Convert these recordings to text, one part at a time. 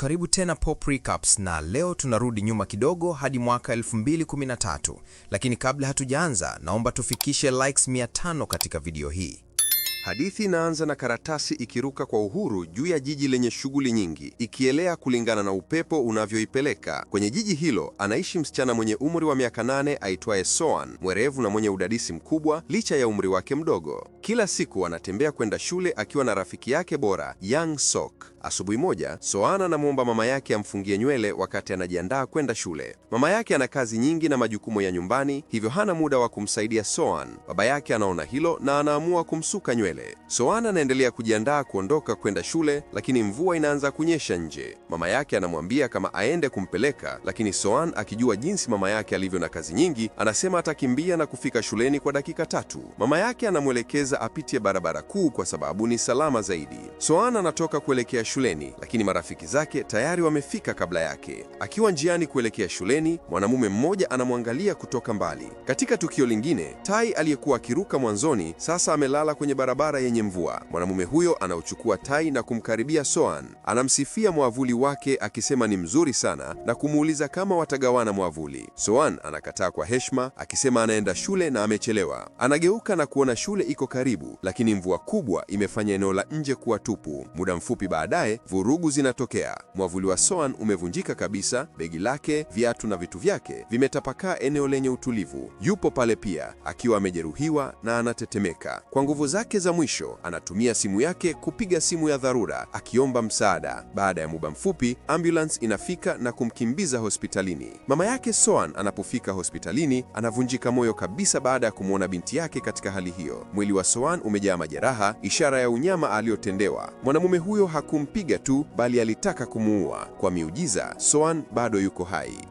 Karibu tena Pop Recaps, na leo tunarudi nyuma kidogo hadi mwaka 2013, lakini kabla hatujaanza, naomba tufikishe likes 500 katika video hii. Hadithi inaanza na karatasi ikiruka kwa uhuru juu ya jiji lenye shughuli nyingi, ikielea kulingana na upepo unavyoipeleka. Kwenye jiji hilo anaishi msichana mwenye umri wa miaka nane aitwaye Soan, mwerevu na mwenye udadisi mkubwa licha ya umri wake mdogo. Kila siku anatembea kwenda shule akiwa na rafiki yake bora Young Sok. Asubuhi moja, Soan anamwomba mama yake amfungie nywele wakati anajiandaa kwenda shule. Mama yake ana kazi nyingi na majukumu ya nyumbani, hivyo hana muda wa kumsaidia Soan. Baba yake anaona hilo na anaamua kumsuka nywele mbele. Soana anaendelea kujiandaa kuondoka kwenda shule, lakini mvua inaanza kunyesha nje. Mama yake anamwambia kama aende kumpeleka, lakini Soan akijua jinsi mama yake alivyo na kazi nyingi, anasema atakimbia na kufika shuleni kwa dakika tatu. Mama yake anamwelekeza apitie barabara kuu kwa sababu ni salama zaidi. Soan anatoka kuelekea shuleni, lakini marafiki zake tayari wamefika kabla yake. Akiwa njiani kuelekea shuleni, mwanamume mmoja anamwangalia kutoka mbali. Katika tukio lingine, tai aliyekuwa akiruka mwanzoni sasa amelala kwenye barabara barabara yenye mvua. Mwanamume huyo anauchukua tai na kumkaribia Soan. Anamsifia mwavuli wake akisema ni mzuri sana na kumuuliza kama watagawana mwavuli. Soan anakataa kwa heshima akisema anaenda shule na amechelewa. Anageuka na kuona shule iko karibu, lakini mvua kubwa imefanya eneo la nje kuwa tupu. Muda mfupi baadaye, vurugu zinatokea. Mwavuli wa Soan umevunjika kabisa, begi lake, viatu na vitu vyake vimetapakaa eneo lenye utulivu. Yupo pale pia akiwa amejeruhiwa na anatetemeka kwa nguvu zake za za mwisho anatumia simu yake kupiga simu ya dharura akiomba msaada. Baada ya muda mfupi, ambulance inafika na kumkimbiza hospitalini. Mama yake Soan anapofika hospitalini, anavunjika moyo kabisa baada ya kumwona binti yake katika hali hiyo. Mwili wa Soan umejaa majeraha, ishara ya unyama aliyotendewa. Mwanamume huyo hakumpiga tu, bali alitaka kumuua. Kwa miujiza, Soan bado yuko hai.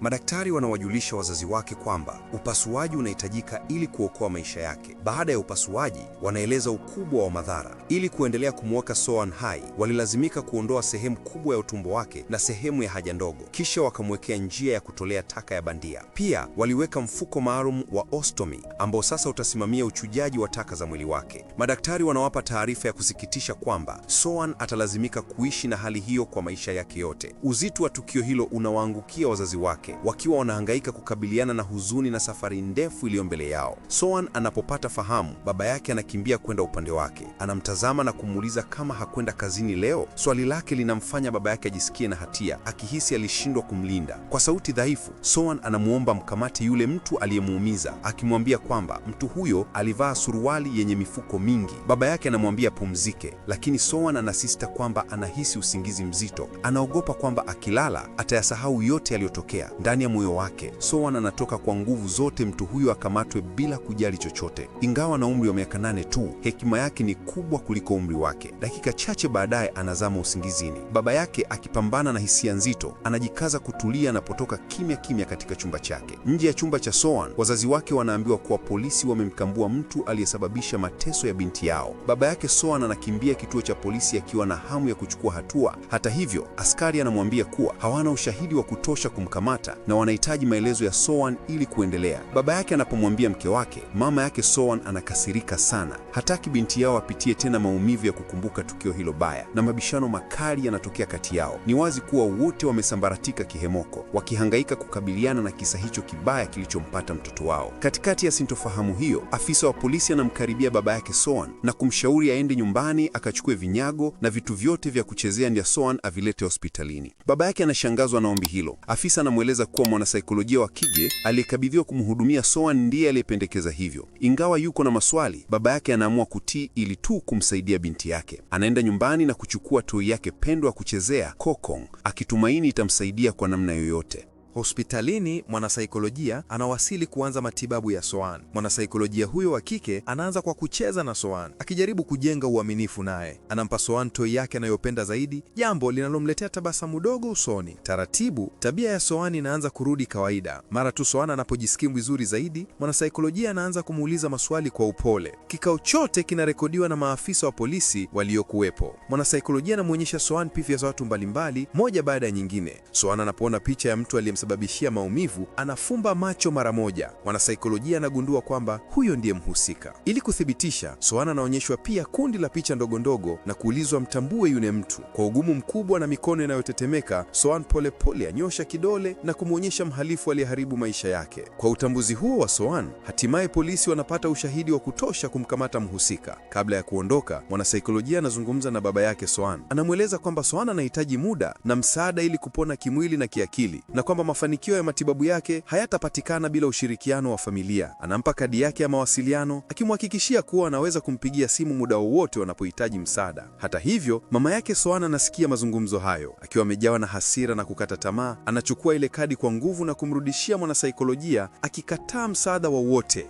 Madaktari wanawajulisha wazazi wake kwamba upasuaji unahitajika ili kuokoa maisha yake. Baada ya upasuaji, wanaeleza ukubwa wa madhara. Ili kuendelea kumweka Soan hai, walilazimika kuondoa sehemu kubwa ya utumbo wake na sehemu ya haja ndogo, kisha wakamwekea njia ya kutolea taka ya bandia. Pia waliweka mfuko maalum wa ostomi ambao sasa utasimamia uchujaji wa taka za mwili wake. Madaktari wanawapa taarifa ya kusikitisha kwamba Soan atalazimika kuishi na hali hiyo kwa maisha yake yote. Uzito wa tukio hilo unawaangukia wazazi wake yake wakiwa wanahangaika kukabiliana na huzuni na safari ndefu iliyo mbele yao. Soan anapopata fahamu, baba yake anakimbia kwenda upande wake, anamtazama na kumuuliza kama hakwenda kazini leo. Swali lake linamfanya baba yake ajisikie na hatia, akihisi alishindwa kumlinda. Kwa sauti dhaifu, Soan anamuomba mkamate yule mtu aliyemuumiza, akimwambia kwamba mtu huyo alivaa suruali yenye mifuko mingi. Baba yake anamwambia pumzike, lakini Soan anasisita kwamba anahisi usingizi mzito, anaogopa kwamba akilala atayasahau yote yaliyotokea ndani ya moyo wake. soan anatoka kwa nguvu zote mtu huyo akamatwe bila kujali chochote. Ingawa na umri wa miaka nane tu, hekima yake ni kubwa kuliko umri wake. Dakika chache baadaye anazama usingizini, baba yake akipambana na hisia nzito, anajikaza kutulia anapotoka kimya kimya katika chumba chake. Nje ya chumba cha soan wazazi wake wanaambiwa kuwa polisi wamemkambua mtu aliyesababisha mateso ya binti yao. Baba yake soan anakimbia kituo cha polisi akiwa na hamu ya kuchukua hatua. Hata hivyo, askari anamwambia kuwa hawana ushahidi wa kutosha kumkamata wanampata na wanahitaji maelezo ya soan ili kuendelea. Baba yake anapomwambia mke wake, mama yake soan anakasirika sana, hataki binti yao apitie tena maumivu ya kukumbuka tukio hilo baya, na mabishano makali yanatokea kati yao. Ni wazi kuwa wote wamesambaratika kihemoko, wakihangaika kukabiliana na kisa hicho kibaya kilichompata mtoto wao. Katikati ya sintofahamu hiyo, afisa wa polisi anamkaribia baba yake soan na kumshauri aende nyumbani akachukue vinyago na vitu vyote vya kuchezea ndio Soan avilete hospitalini. Baba yake anashangazwa na ombi hilo. Afisa anamweleza anaweza kuwa mwanasaikolojia wa kije aliyekabidhiwa kumhudumia Soan ndiye aliyependekeza hivyo. Ingawa yuko na maswali, baba yake anaamua kutii ili tu kumsaidia binti yake. Anaenda nyumbani na kuchukua toy yake pendwa kuchezea Kokong, akitumaini itamsaidia kwa namna yoyote. Hospitalini, mwanasaikolojia anawasili kuanza matibabu ya Soan. Mwanasaikolojia huyo wa kike anaanza kwa kucheza na Soan, akijaribu kujenga uaminifu naye. Anampa Soan toi yake anayopenda zaidi, jambo linalomletea tabasamu dogo usoni. Taratibu, tabia ya Soan inaanza kurudi kawaida. Mara tu Soan anapojisikia vizuri zaidi, mwanasaikolojia anaanza kumuuliza maswali kwa upole. Kikao chote kinarekodiwa na maafisa wa polisi waliokuwepo. Mwanasaikolojia anamwonyesha Soan picha za watu mbalimbali, moja baada ya nyingine. Soan anapoona picha ya mtu aliyem kumsababishia maumivu, anafumba macho mara moja. Mwanasaikolojia anagundua kwamba huyo ndiye mhusika. Ili kuthibitisha, Soana anaonyeshwa pia kundi la picha ndogondogo na kuulizwa mtambue yule mtu. Kwa ugumu mkubwa na mikono inayotetemeka, Soan polepole anyosha kidole na kumwonyesha mhalifu aliyeharibu maisha yake. Kwa utambuzi huo wa Soan, hatimaye polisi wanapata ushahidi wa kutosha kumkamata mhusika. Kabla ya kuondoka, mwanasaikolojia anazungumza na baba yake Soan. Anamweleza kwamba Soan anahitaji muda na msaada ili kupona kimwili na kiakili na kwamba mafanikio ya matibabu yake hayatapatikana bila ushirikiano wa familia. Anampa kadi yake ya mawasiliano, akimhakikishia kuwa anaweza kumpigia simu muda wowote wanapohitaji msaada. Hata hivyo, mama yake Soana anasikia mazungumzo hayo. Akiwa amejawa na hasira na kukata tamaa, anachukua ile kadi kwa nguvu na kumrudishia mwanasaikolojia, akikataa msaada wowote.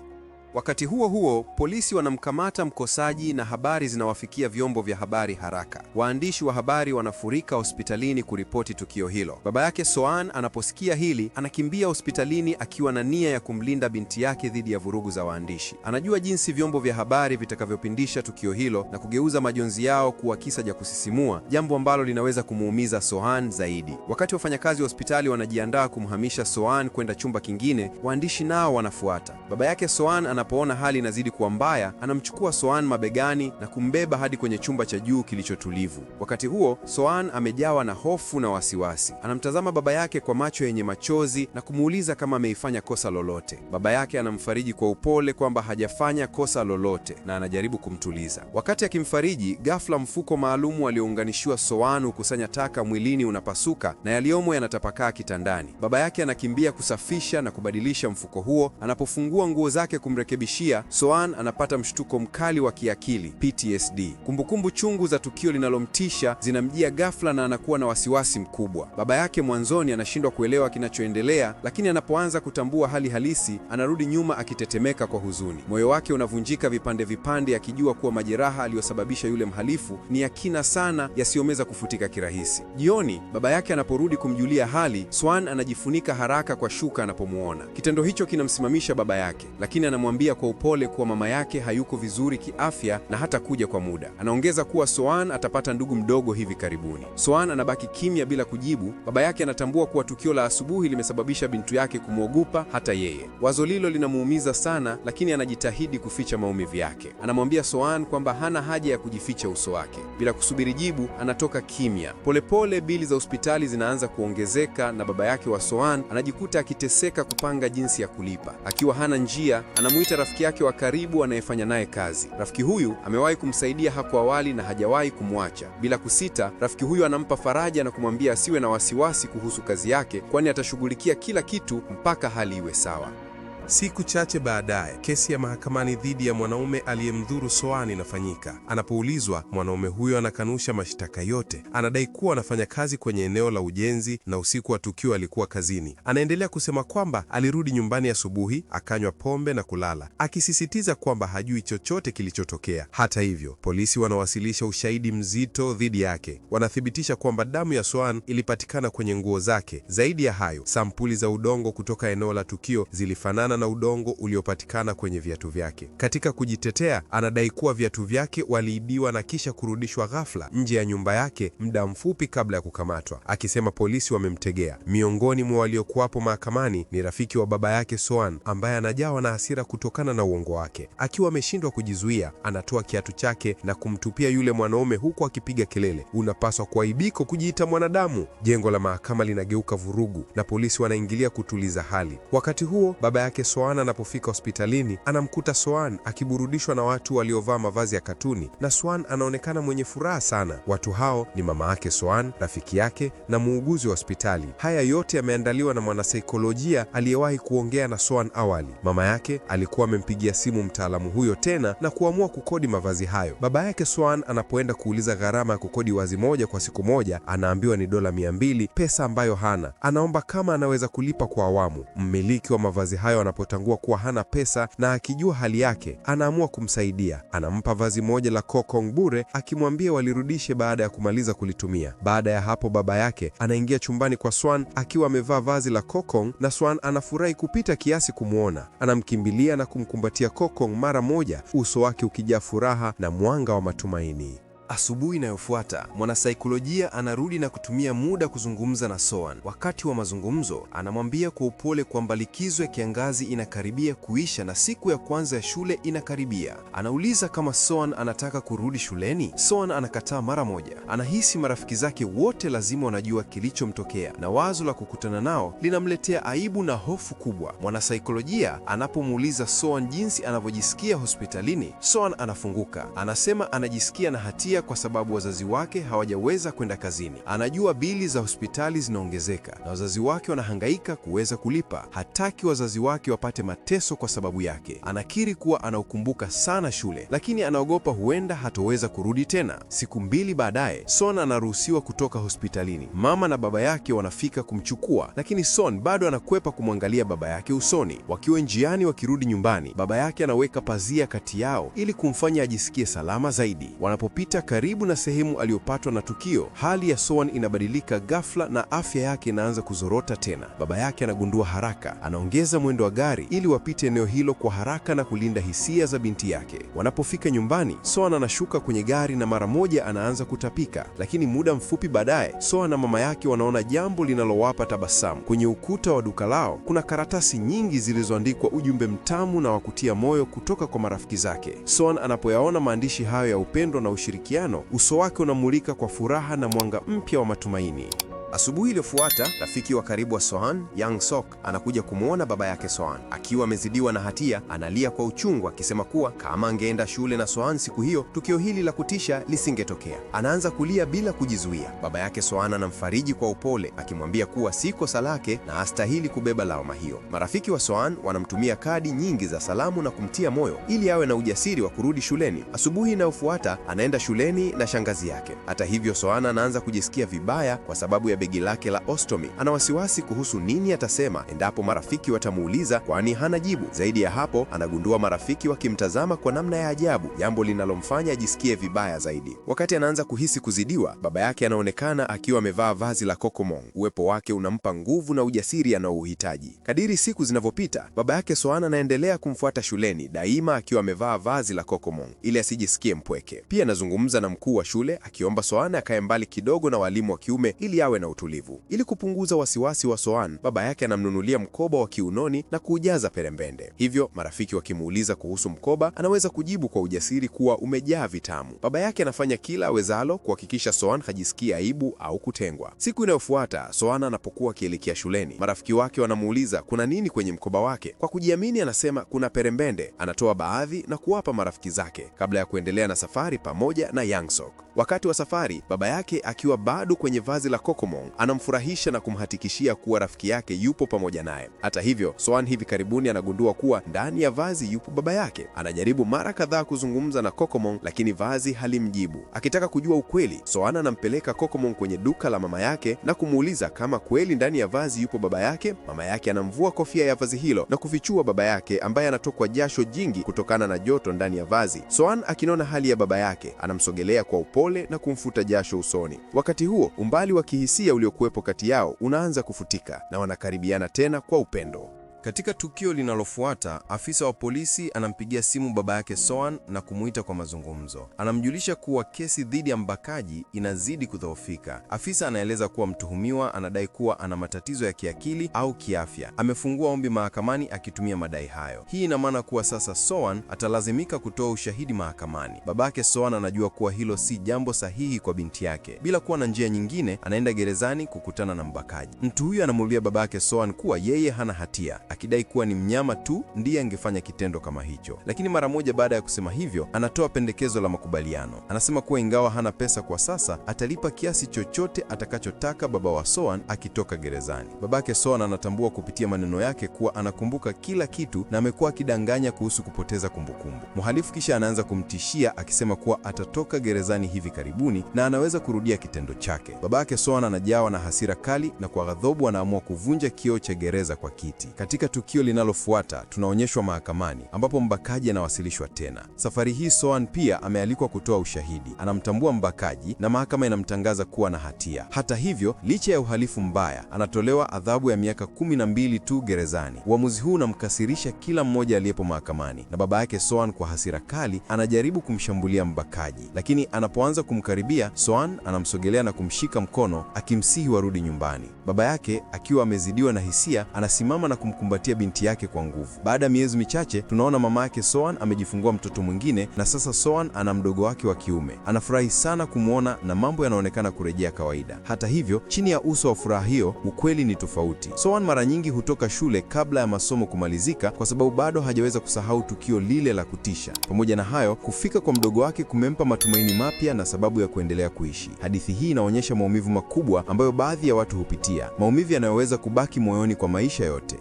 Wakati huo huo, polisi wanamkamata mkosaji na habari zinawafikia vyombo vya habari haraka. Waandishi wa habari wanafurika hospitalini kuripoti tukio hilo. Baba yake Soan anaposikia hili, anakimbia hospitalini akiwa na nia ya kumlinda binti yake dhidi ya vurugu za waandishi. Anajua jinsi vyombo vya habari vitakavyopindisha tukio hilo na kugeuza majonzi yao kuwa kisa cha kusisimua, jambo ambalo linaweza kumuumiza Soan zaidi. Wakati wafanyakazi wa hospitali wanajiandaa kumhamisha Soan kwenda chumba kingine, waandishi nao wanafuata. Baba yake Soan ana anapoona hali inazidi kuwa mbaya, anamchukua Soan mabegani na kumbeba hadi kwenye chumba cha juu kilichotulivu. Wakati huo, Soan amejawa na hofu na wasiwasi, anamtazama baba yake kwa macho yenye machozi na kumuuliza kama ameifanya kosa lolote. Baba yake anamfariji kwa upole kwamba hajafanya kosa lolote na anajaribu kumtuliza. Wakati akimfariji, ghafla mfuko maalumu aliounganishiwa Soan hukusanya taka mwilini unapasuka na yaliyomo yanatapakaa kitandani. Baba yake anakimbia kusafisha na kubadilisha mfuko huo. Anapofungua nguo zake kumre kumrekebishia, Soan anapata mshtuko mkali wa kiakili PTSD. Kumbukumbu chungu za tukio linalomtisha zinamjia ghafla na anakuwa na wasiwasi mkubwa. Baba yake mwanzoni anashindwa kuelewa kinachoendelea, lakini anapoanza kutambua hali halisi, anarudi nyuma akitetemeka kwa huzuni. Moyo wake unavunjika vipande vipande, akijua kuwa majeraha aliyosababisha yule mhalifu ni ya kina sana, yasiyomeza kufutika kirahisi. Jioni, baba yake anaporudi kumjulia hali, Soan anajifunika haraka kwa shuka anapomwona. Kitendo hicho kinamsimamisha baba yake, lakini anamwambia kumwambia kwa upole kuwa mama yake hayuko vizuri kiafya na hata kuja kwa muda. Anaongeza kuwa Soan atapata ndugu mdogo hivi karibuni. Soan anabaki kimya bila kujibu. Baba yake anatambua kuwa tukio la asubuhi limesababisha bintu yake kumwogopa hata yeye. Wazo lilo linamuumiza sana, lakini anajitahidi kuficha maumivu yake. Anamwambia Soan kwamba hana haja ya kujificha uso wake. Bila kusubiri jibu, anatoka kimya. Polepole bili za hospitali zinaanza kuongezeka na baba yake wa Soan anajikuta akiteseka kupanga jinsi ya kulipa. Akiwa hana njia, anamuita alimwita rafiki yake wa karibu anayefanya naye kazi. Rafiki huyu amewahi kumsaidia hapo awali na hajawahi kumwacha. Bila kusita, rafiki huyu anampa faraja na kumwambia asiwe na wasiwasi kuhusu kazi yake, kwani atashughulikia kila kitu mpaka hali iwe sawa. Siku chache baadaye, kesi ya mahakamani dhidi ya mwanaume aliyemdhuru Soani inafanyika. Anapoulizwa, mwanaume huyo anakanusha mashtaka yote, anadai kuwa anafanya kazi kwenye eneo la ujenzi na usiku wa tukio alikuwa kazini. Anaendelea kusema kwamba alirudi nyumbani asubuhi, akanywa pombe na kulala, akisisitiza kwamba hajui chochote kilichotokea. Hata hivyo, polisi wanawasilisha ushahidi mzito dhidi yake. Wanathibitisha kwamba damu ya Soani ilipatikana kwenye nguo zake. Zaidi ya hayo, sampuli za udongo kutoka eneo la tukio zilifanana kutokana na udongo uliopatikana kwenye viatu vyake. Katika kujitetea, anadai kuwa viatu vyake waliibiwa na kisha kurudishwa ghafla nje ya nyumba yake muda mfupi kabla ya kukamatwa, akisema polisi wamemtegea. Miongoni mwa waliokuwapo mahakamani ni rafiki wa baba yake Soan, ambaye anajawa na hasira kutokana na uongo wake. Akiwa ameshindwa kujizuia, anatoa kiatu chake na kumtupia yule mwanaume huku akipiga kelele, unapaswa kuaibiko kujiita mwanadamu. Jengo la mahakama linageuka vurugu na polisi wanaingilia kutuliza hali. Wakati huo baba yake Soan anapofika hospitalini anamkuta Soan akiburudishwa na watu waliovaa mavazi ya katuni, na Soan anaonekana mwenye furaha sana. Watu hao ni mama yake Soan, rafiki yake na muuguzi wa hospitali. Haya yote yameandaliwa na mwanasaikolojia aliyewahi kuongea na Soan awali. Mama yake alikuwa amempigia simu mtaalamu huyo tena na kuamua kukodi mavazi hayo. Baba yake Soan anapoenda kuuliza gharama ya kukodi wazi moja kwa siku moja, anaambiwa ni dola mia mbili, pesa ambayo hana. Anaomba kama anaweza kulipa kwa awamu. Mmiliki wa mavazi hayo anapotangua kuwa hana pesa na akijua hali yake, anaamua kumsaidia. Anampa vazi moja la kokong bure, akimwambia walirudishe baada ya kumaliza kulitumia. Baada ya hapo, baba yake anaingia chumbani kwa Swan akiwa amevaa vazi la kokong, na Swan anafurahi kupita kiasi kumwona. Anamkimbilia na kumkumbatia kokong mara moja, uso wake ukijaa furaha na mwanga wa matumaini. Asubuhi inayofuata mwanasaikolojia anarudi na kutumia muda kuzungumza na Soan. Wakati wa mazungumzo, anamwambia kwa upole kwamba likizo ya kiangazi inakaribia kuisha na siku ya kwanza ya shule inakaribia. Anauliza kama Soan anataka kurudi shuleni. Soan anakataa mara moja. Anahisi marafiki zake wote lazima wanajua kilichomtokea na wazo la kukutana nao linamletea aibu na hofu kubwa. Mwanasaikolojia anapomuuliza Soan jinsi anavyojisikia hospitalini, Soan anafunguka, anasema anajisikia na hatia analia kwa sababu wazazi wake hawajaweza kwenda kazini. Anajua bili za hospitali zinaongezeka na wazazi wake wanahangaika kuweza kulipa. Hataki wazazi wake wapate mateso kwa sababu yake. Anakiri kuwa anaukumbuka sana shule, lakini anaogopa huenda hatoweza kurudi tena. Siku mbili baadaye, Son anaruhusiwa kutoka hospitalini. Mama na baba yake wanafika kumchukua, lakini Son bado anakwepa kumwangalia baba yake usoni. Wakiwa njiani wakirudi nyumbani, baba yake anaweka pazia kati yao ili kumfanya ajisikie salama zaidi. Wanapopita karibu na sehemu aliyopatwa na tukio, hali ya Soan inabadilika ghafla na afya yake inaanza kuzorota tena. Baba yake anagundua haraka, anaongeza mwendo wa gari ili wapite eneo hilo kwa haraka na kulinda hisia za binti yake. Wanapofika nyumbani, Soan anashuka kwenye gari na mara moja anaanza kutapika, lakini muda mfupi baadaye Soan na mama yake wanaona jambo linalowapa tabasamu. Kwenye ukuta wa duka lao kuna karatasi nyingi zilizoandikwa ujumbe mtamu na wa kutia moyo kutoka kwa marafiki zake. Soan anapoyaona maandishi hayo ya upendo na ushirikiano ushirikiano, uso wake unamulika kwa furaha na mwanga mpya wa matumaini. Asubuhi iliyofuata rafiki wa karibu wa Sohan, Yang Sok, anakuja kumwona baba yake Sohan akiwa amezidiwa na hatia. Analia kwa uchungu akisema kuwa kama angeenda shule na Sohan siku hiyo, tukio hili la kutisha lisingetokea. Anaanza kulia bila kujizuia. Baba yake Sohan anamfariji kwa upole akimwambia kuwa si kosa lake na hastahili kubeba lawama hiyo. Marafiki wa Sohan wanamtumia kadi nyingi za salamu na kumtia moyo ili awe na ujasiri wa kurudi shuleni. Asubuhi inayofuata anaenda shuleni na shangazi yake. Hata hivyo, Sohan anaanza kujisikia vibaya kwa sababu ya ya begi lake la ostomi Ana wasiwasi kuhusu nini atasema endapo marafiki watamuuliza, kwani hana jibu. Zaidi ya hapo, anagundua marafiki wakimtazama kwa namna ya ajabu, jambo linalomfanya ajisikie vibaya zaidi. Wakati anaanza kuhisi kuzidiwa, baba yake anaonekana akiwa amevaa vazi la kokomong. Uwepo wake unampa nguvu na ujasiri anaouhitaji. Kadiri siku zinavyopita, baba yake Soan anaendelea kumfuata shuleni, daima akiwa amevaa vazi la kokomong ili asijisikie mpweke. Pia anazungumza na mkuu wa shule akiomba Soana akae mbali kidogo na walimu wa kiume ili awe na na utulivu. Ili kupunguza wasiwasi wa Soan, baba yake anamnunulia mkoba wa kiunoni na kuujaza perembende. Hivyo marafiki wakimuuliza kuhusu mkoba, anaweza kujibu kwa ujasiri kuwa umejaa vitamu. Baba yake anafanya kila awezalo kuhakikisha Soan hajisikii aibu au kutengwa. Siku inayofuata Soan anapokuwa akielekea shuleni, marafiki wake wanamuuliza kuna nini kwenye mkoba wake. Kwa kujiamini anasema kuna perembende. Anatoa baadhi na kuwapa marafiki zake kabla ya kuendelea na safari pamoja na Yangsok. Wakati wa safari, baba yake akiwa bado kwenye vazi la kokomo Solomon anamfurahisha na kumhatikishia kuwa rafiki yake yupo pamoja naye. Hata hivyo, Soan hivi karibuni anagundua kuwa ndani ya vazi yupo baba yake. Anajaribu mara kadhaa kuzungumza na Kokomon, lakini vazi halimjibu. Akitaka kujua ukweli, Soan anampeleka Kokomon kwenye duka la mama yake na kumuuliza kama kweli ndani ya vazi yupo baba yake. Mama yake anamvua kofia ya vazi hilo na kufichua baba yake ambaye anatokwa jasho jingi kutokana na joto ndani ya vazi. Soan akinona hali ya baba yake, anamsogelea kwa upole na kumfuta jasho usoni. Wakati huo umbali wa kihisia uliokuwepo kati yao unaanza kufutika na wanakaribiana tena kwa upendo. Katika tukio linalofuata, afisa wa polisi anampigia simu baba yake Soan na kumuita kwa mazungumzo. Anamjulisha kuwa kesi dhidi ya mbakaji inazidi kudhoofika. Afisa anaeleza kuwa mtuhumiwa anadai kuwa ana matatizo ya kiakili au kiafya. Amefungua ombi mahakamani akitumia madai hayo. Hii ina maana kuwa sasa Soan atalazimika kutoa ushahidi mahakamani. Babake Soan anajua kuwa hilo si jambo sahihi kwa binti yake. Bila kuwa na njia nyingine, anaenda gerezani kukutana na mbakaji. Mtu huyo anamuulia babake Soan kuwa yeye hana hatia akidai kuwa ni mnyama tu ndiye angefanya kitendo kama hicho. Lakini mara moja baada ya kusema hivyo, anatoa pendekezo la makubaliano. Anasema kuwa ingawa hana pesa kwa sasa, atalipa kiasi chochote atakachotaka baba wa Soan akitoka gerezani. Babake Soan anatambua kupitia maneno yake kuwa anakumbuka kila kitu na amekuwa akidanganya kuhusu kupoteza kumbukumbu. Mhalifu kisha anaanza kumtishia akisema kuwa atatoka gerezani hivi karibuni na anaweza kurudia kitendo chake. Babake Soan anajawa na hasira kali na kwa ghadhabu anaamua kuvunja kioo cha gereza kwa kiti. Katika katika tukio linalofuata tunaonyeshwa mahakamani ambapo mbakaji anawasilishwa tena. Safari hii Soan pia amealikwa kutoa ushahidi. Anamtambua mbakaji na mahakama inamtangaza kuwa na hatia. Hata hivyo, licha ya uhalifu mbaya, anatolewa adhabu ya miaka kumi na mbili tu gerezani. Uamuzi huu unamkasirisha kila mmoja aliyepo mahakamani, na baba yake Soan kwa hasira kali anajaribu kumshambulia mbakaji, lakini anapoanza kumkaribia, Soan anamsogelea na kumshika mkono akimsihi warudi nyumbani. Baba yake akiwa amezidiwa na hisia, anasimama na kumkumbatia kumkumbatia binti yake kwa nguvu. Baada ya miezi michache, tunaona mama yake Soan amejifungua mtoto mwingine, na sasa Soan ana mdogo wake wa kiume. Anafurahi sana kumwona na mambo yanaonekana kurejea kawaida. Hata hivyo, chini ya uso wa furaha hiyo, ukweli ni tofauti. Soan mara nyingi hutoka shule kabla ya masomo kumalizika, kwa sababu bado hajaweza kusahau tukio lile la kutisha. Pamoja na hayo, kufika kwa mdogo wake kumempa matumaini mapya na sababu ya kuendelea kuishi. Hadithi hii inaonyesha maumivu makubwa ambayo baadhi ya watu hupitia, maumivu yanayoweza kubaki moyoni kwa maisha yote.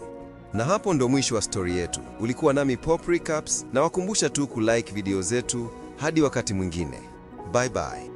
Na hapo ndo mwisho wa stori yetu. Ulikuwa nami Pop Recaps, na wakumbusha tu kulike video zetu. Hadi wakati mwingine, bye bye.